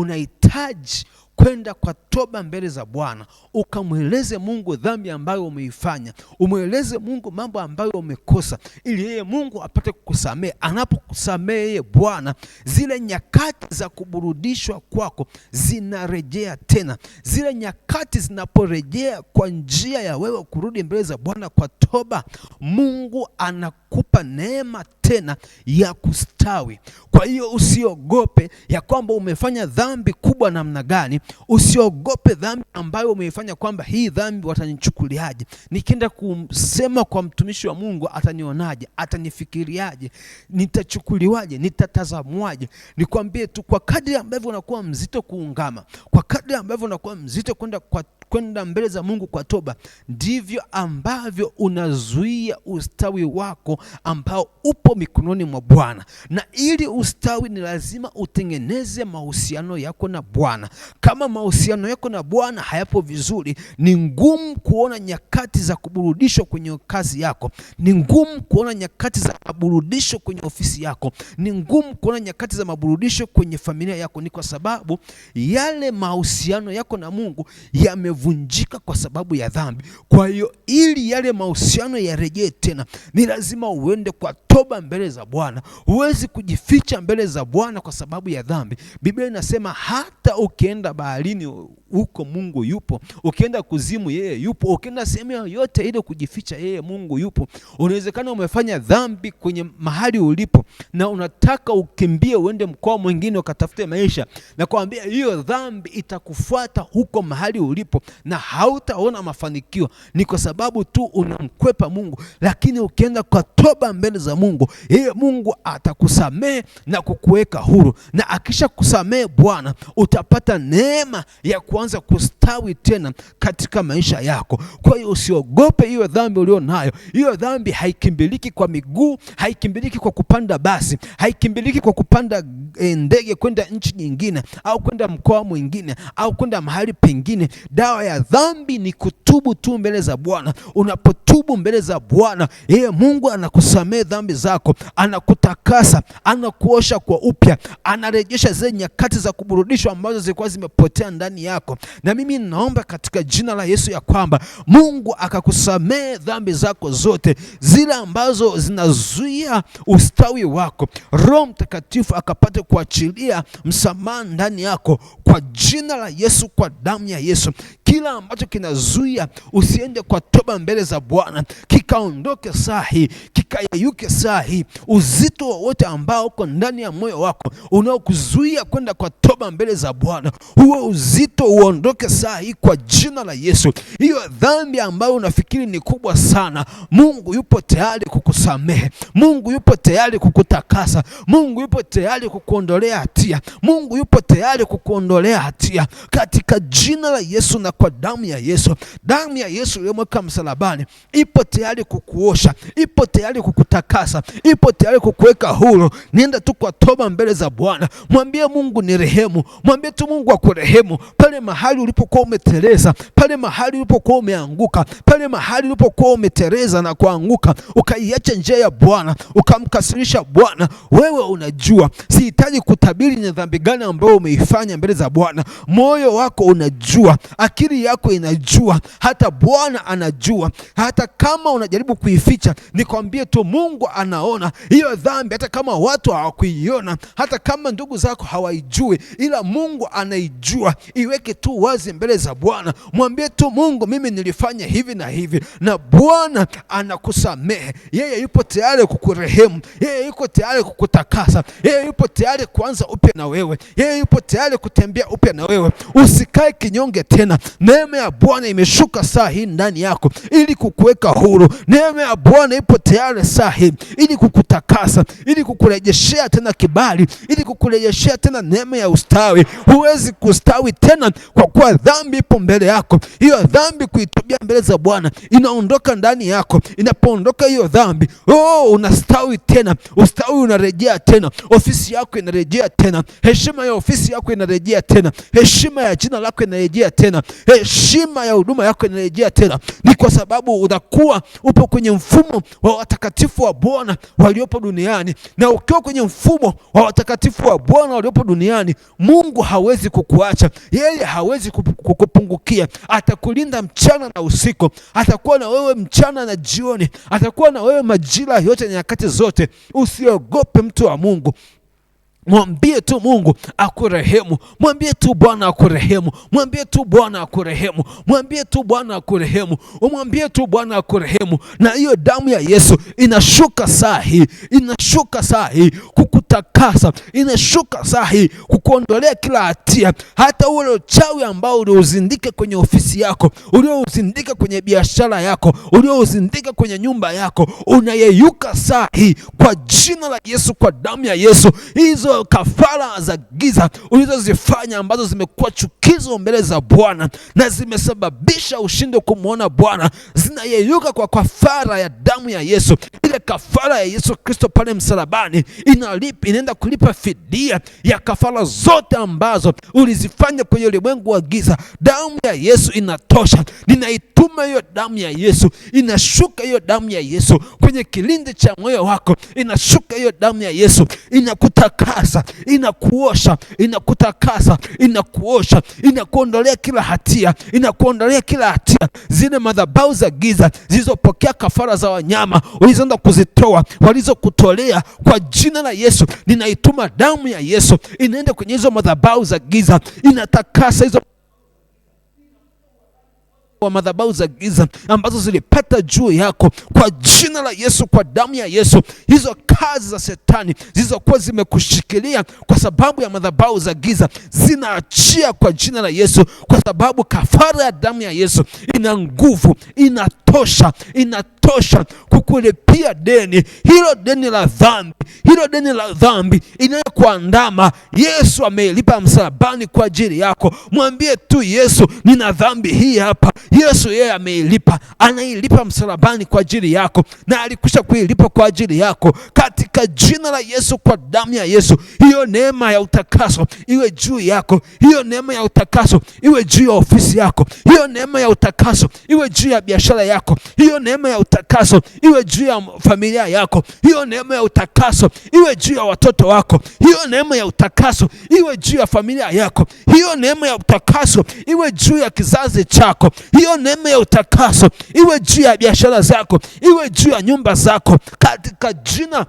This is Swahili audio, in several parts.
unahitaji kwenda kwa toba mbele za Bwana ukamweleze Mungu dhambi ambayo umeifanya, umweleze Mungu mambo ambayo umekosa, ili yeye Mungu apate kukusamehe. Anapokusamehe yeye Bwana, zile nyakati za kuburudishwa kwako zinarejea tena. Zile nyakati zinaporejea kwa njia ya wewe kurudi mbele za Bwana kwa toba, Mungu anaku kukupa neema tena ya kustawi. Kwa hiyo usiogope ya kwamba umefanya dhambi kubwa namna gani, usiogope dhambi ambayo umeifanya, kwamba hii dhambi watanichukuliaje, nikienda kusema kwa mtumishi wa Mungu atanionaje, atanifikiriaje, nitachukuliwaje, nitatazamwaje? Nikwambie tu, kwa kadri ambavyo unakuwa mzito kuungama, kwa kadri ambavyo unakuwa mzito kwenda kwa kwenda mbele za Mungu kwa toba, ndivyo ambavyo unazuia ustawi wako ambao upo mikononi mwa Bwana, na ili ustawi ni lazima utengeneze mahusiano yako na Bwana. Kama mahusiano yako na Bwana hayapo vizuri, ni ngumu kuona nyakati za kuburudishwa kwenye kazi yako, ni ngumu kuona nyakati za maburudisho kwenye ofisi yako, ni ngumu kuona nyakati za maburudisho kwenye familia yako. Ni kwa sababu yale mahusiano yako na Mungu yamevunjika kwa sababu ya dhambi. Kwa hiyo ili yale mahusiano yarejee tena, ni lazima uwe uende kwa toba mbele za Bwana. Huwezi kujificha mbele za Bwana kwa sababu ya dhambi. Biblia inasema hata ukienda baharini huko Mungu yupo. Ukienda kuzimu, yeye yupo. Ukienda sehemu yoyote ile kujificha, yeye Mungu yupo. Unawezekana umefanya dhambi kwenye mahali ulipo na unataka ukimbie uende mkoa mwingine ukatafute maisha, na kuambia hiyo dhambi itakufuata huko mahali ulipo na hautaona mafanikio, ni kwa sababu tu unamkwepa Mungu. Lakini ukienda kwa toba mbele za Mungu, yeye Mungu atakusamehe na kukuweka huru, na akisha kusamehe Bwana utapata neema ya kwa kuanza kustawi tena katika maisha yako. Kwa hiyo usiogope hiyo dhambi ulio nayo. Hiyo dhambi haikimbiliki kwa miguu, haikimbiliki kwa kupanda basi, haikimbiliki kwa kupanda e, ndege kwenda nchi nyingine au kwenda mkoa mwingine au kwenda mahali pengine. Dawa ya dhambi ni kutubu tu mbele za Bwana. Unapotubu mbele za Bwana, yeye Mungu anakusamehe dhambi zako, anakutakasa, anakuosha kwa upya, anarejesha zile nyakati za kuburudishwa ambazo zilikuwa zimepotea ndani yako zako. Na mimi naomba katika jina la Yesu ya kwamba Mungu akakusamee dhambi zako zote zile ambazo zinazuia ustawi wako. Roho Mtakatifu akapate kuachilia msamaha ndani yako kwa jina la Yesu, kwa damu ya Yesu. Kila ambacho kinazuia usiende kwa toba mbele za Bwana kikaondoke saa hii, kikayeyuke saa hii. Uzito wowote ambao uko ndani ya moyo wako unaokuzuia kwenda kwa toba mbele za Bwana, huo uzito uondoke saa hii kwa jina la Yesu. Hiyo dhambi ambayo unafikiri ni kubwa sana, Mungu yupo tayari kukusamehe. Mungu yupo tayari kukutakasa. Mungu yupo tayari kukuondolea hatia. Mungu yupo tayari kukuondolea hatia katika jina la Yesu na kwa damu ya Yesu. Damu ya Yesu iliyomweka msalabani ipo tayari kukuosha, ipo tayari kukutakasa, ipo tayari kukuweka huru. Nienda tu kwa toba mbele za Bwana, mwambie Mungu ni rehemu, mwambie tu Mungu akurehemu pale mahali ulipokuwa umeteleza, pale mahali ulipokuwa umeanguka, pale mahali ulipokuwa umeteleza na kuanguka, ukaiacha njia ya Bwana, ukamkasirisha Bwana. Wewe unajua, sihitaji kutabiri ni dhambi gani ambayo umeifanya mbele za Bwana. Moyo wako unajua, akili yako inajua, hata Bwana anajua. Hata kama unajaribu kuificha, nikwambie tu, Mungu anaona hiyo dhambi, hata kama watu hawakuiona, hata kama ndugu zako hawaijui, ila Mungu anaijua iwe Jiweke tu wazi mbele za Bwana, mwambie tu Mungu, mimi nilifanya hivi na hivi, na Bwana anakusamehe. Yeye yupo tayari kukurehemu, yeye yuko tayari kukutakasa, yeye yupo tayari kuanza upya na wewe, yeye yupo tayari kutembea upya na wewe. Usikae kinyonge tena. Neema ya Bwana imeshuka saa hii ndani yako ili kukuweka huru. Neema ya Bwana ipo tayari saa hii ili kukutakasa, ili kukurejeshea tena kibali, ili kukurejeshea tena neema ya ustawi. Huwezi kustawi tena Bwana, kwa kuwa dhambi ipo mbele yako. Hiyo dhambi kuitubia mbele za Bwana inaondoka ndani yako. Inapoondoka hiyo dhambi, oh, unastawi tena, ustawi unarejea tena, ofisi yako inarejea tena, heshima ya ofisi yako inarejea tena, heshima ya jina lako inarejea tena, heshima ya huduma yako inarejea tena. Ni kwa sababu unakuwa upo kwenye mfumo wa watakatifu wa Bwana waliopo duniani, na ukiwa kwenye mfumo wa watakatifu wa Bwana waliopo duniani, Mungu hawezi kukuacha yeye yeye hawezi kukupungukia, atakulinda mchana na usiku, atakuwa na wewe mchana na jioni, atakuwa na wewe majira yote na nyakati zote. Usiogope mtu wa Mungu. Mwambie tu Mungu akurehemu, mwambie tu Bwana akurehemu, mwambie tu Bwana akurehemu, mwambie tu Bwana akurehemu, umwambie tu Bwana akurehemu. Na hiyo damu ya Yesu inashuka saa hii, inashuka saa hii kukutakasa, inashuka saa hii kukuondolea kila hatia, hata ule uchawi ambao uliozindika kwenye ofisi yako, uliozindika kwenye biashara yako, uliouzindika kwenye nyumba yako, unayeyuka saa hii kwa jina la Yesu, kwa damu ya Yesu hizo kafara za giza ulizozifanya ambazo zimekuwa chukizo mbele za Bwana na zimesababisha ushindi kumwona Bwana zinayeyuka kwa kafara ya damu ya Yesu. Ile kafara ya Yesu Kristo pale msalabani inalipa, inaenda kulipa fidia ya kafara zote ambazo ulizifanya kwenye ulimwengu wa giza. Damu ya Yesu inatosha. Ninai tuma hiyo damu ya Yesu, inashuka hiyo damu ya Yesu kwenye kilindi cha moyo wako, inashuka hiyo damu ya Yesu, inakutakasa, inakuosha, inakutakasa, inakuosha, inakuondolea kila hatia, inakuondolea kila hatia. Zile madhabahu za giza zilizopokea kafara za wanyama ulizoenda kuzitoa, walizokutolea kwa jina la Yesu, ninaituma damu ya Yesu inaenda kwenye hizo madhabahu za giza, inatakasa hizo wa madhabahu za giza ambazo zilipata juu yako kwa jina la Yesu, kwa damu ya Yesu, hizo kazi za shetani zilizokuwa zimekushikilia kwa sababu ya madhabahu za giza zinaachia kwa jina la Yesu, kwa sababu kafara ya damu ya Yesu ina nguvu, inatosha, inatosha kukulipia deni hilo, deni la dhambi hilo, deni la dhambi inayokuandama. Yesu ameilipa msalabani kwa ajili yako. Mwambie tu Yesu, nina dhambi hii hapa Yesu yeye ameilipa, anailipa msalabani kwa ajili yako, na alikwisha kuilipa kwa ajili yako, katika jina la Yesu, kwa damu ya Yesu. Hiyo neema ya utakaso iwe juu yako, hiyo neema ya utakaso iwe juu ya ofisi yako, hiyo neema ya utakaso iwe juu ya biashara yako, hiyo neema ya utakaso iwe juu ya familia yako, hiyo neema ya utakaso iwe juu ya watoto wako, hiyo neema ya utakaso iwe juu ya familia yako, hiyo neema ya utakaso iwe juu ya kizazi chako hiyo neema ya utakaso iwe juu ya biashara zako, iwe juu ya nyumba zako katika jina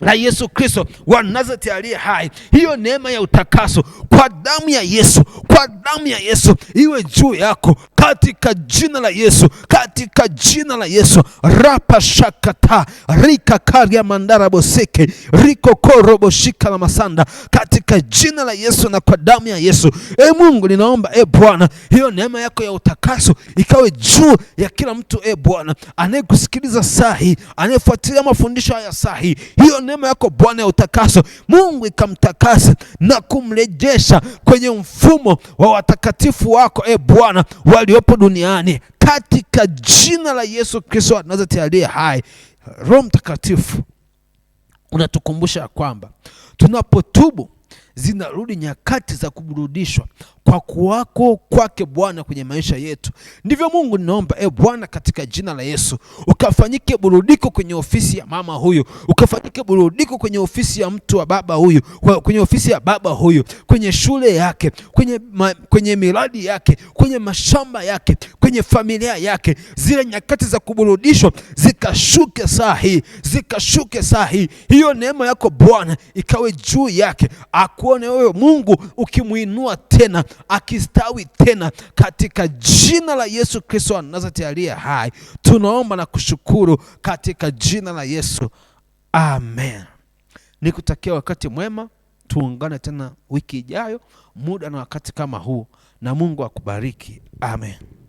la Yesu Kristo wa Nazareti aliye hai, hiyo neema ya utakaso kwa damu ya Yesu, kwa damu ya Yesu iwe juu yako katika jina la Yesu, katika jina la Yesu. rapa shakata rika karya mandara boseke riko korobo shika na masanda, katika jina la Yesu na kwa damu ya Yesu. E Mungu, ninaomba e Bwana, hiyo neema yako ya utakaso ikawe juu ya kila mtu e Bwana anayekusikiliza sahi, anayefuatilia mafundisho haya sahi, hiyo neema yako Bwana ya utakaso, Mungu ikamtakasa na kumrejesha kwenye mfumo wa watakatifu wako, e Bwana, waliopo duniani katika jina la Yesu Kristo wa Nazareti aliye hai. Roho Mtakatifu unatukumbusha kwamba tunapotubu zinarudi nyakati za kuburudishwa kwa kuwako kwake Bwana kwenye maisha yetu. Ndivyo Mungu, ninaomba e Bwana, katika jina la Yesu, ukafanyike burudiko kwenye ofisi ya mama huyu, ukafanyike burudiko kwenye ofisi ya mtu wa baba huyu, kwenye ofisi ya baba huyu, kwenye shule yake, kwenye, ma, kwenye miradi yake, kwenye mashamba yake, kwenye familia yake. Zile nyakati za kuburudishwa zikashuke saa hii, zikashuke saa hii. Hiyo neema yako Bwana ikawe juu yake Aku akuone wewe Mungu ukimwinua tena akistawi tena katika jina la Yesu Kristo wa Nazareti aliye hai, tunaomba na kushukuru katika jina la Yesu, amen. Nikutakia wakati mwema, tuungane tena wiki ijayo muda na wakati kama huu, na Mungu akubariki, amen.